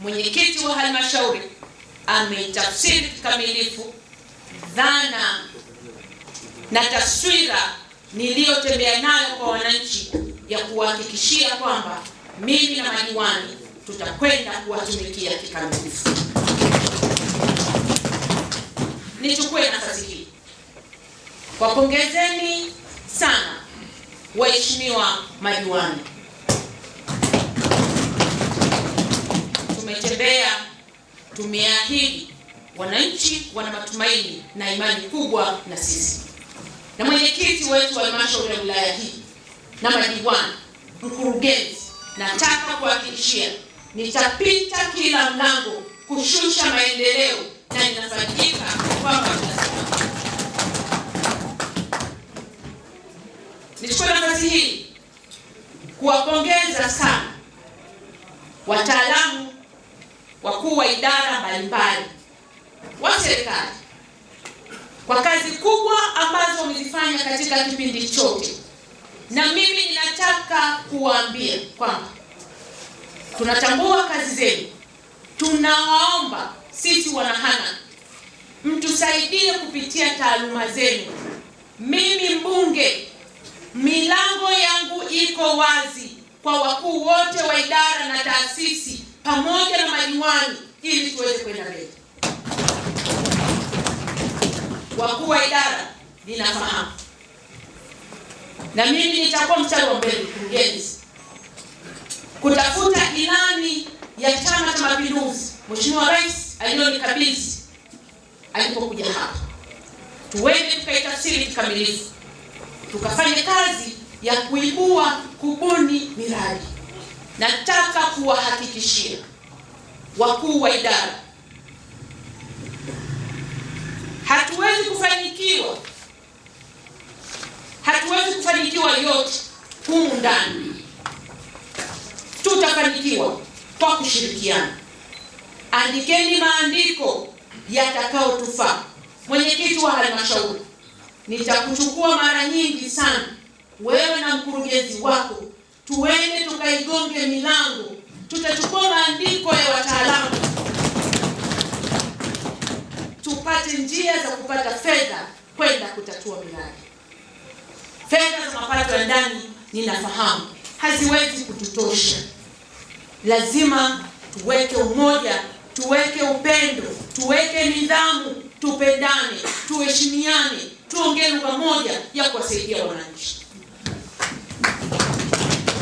mwenyekiti wa halmashauri ametafsiri kikamilifu dhana na taswira niliyotembea nayo kwa wananchi ya kuhakikishia kwamba mimi na madiwani tutakwenda kuwatumikia kikamilifu. Nichukue nafasi hii wapongezeni sana waheshimiwa madiwani. tumetembea, tumeahidi wananchi wana matumaini na imani kubwa na sisi. Na mwenyekiti wetu wa halmashauri ya wilaya hii na madiwani, mkurugenzi, nataka kuhakikishia nitapita kila mlango kushusha maendeleo na inafanyika kwamba tunasema. Nichukue nafasi hii kuwapongeza sana wataalamu wakuu wa idara mbalimbali wa serikali kwa kazi kubwa ambazo wamezifanya katika kipindi chote, na mimi ninataka kuwaambia kwamba tunatambua kazi zenu. Tunawaomba sisi wanahana mtusaidie kupitia taaluma zenu. Mimi mbunge, milango yangu iko wazi kwa wakuu wote wa idara na taasisi pamoja mwani ili tuweze kwenda mbele. Wakuu wa idara ninafahamu, na mimi nitakuwa mstari wa mbele, mkurugenzi, kutafuta ilani ya Chama cha Mapinduzi. Mheshimiwa Rais aliyonikabidhi alipokuja hapa, tuende tukaitafsiri kikamilifu, tukafanye kazi ya kuibua, kubuni miradi. Nataka kuwahakikishia wakuu wa idara. Hatuwezi kufanikiwa, hatuwezi kufanikiwa yote humu ndani, tutafanikiwa kwa kushirikiana. Andikeni maandiko yatakayotufaa. Mwenyekiti wa halmashauri, nitakuchukua mara nyingi sana, wewe na mkurugenzi wako, tuende tukaigonge milango, tutachukua maandiko wakati njia za kupata fedha kwenda kutatua miradi. Fedha za mapato ya ndani ninafahamu haziwezi kututosha, lazima tuweke umoja, tuweke upendo, tuweke nidhamu, tupendane, tuheshimiane, tuongee lugha moja ya kuwasaidia wananchi.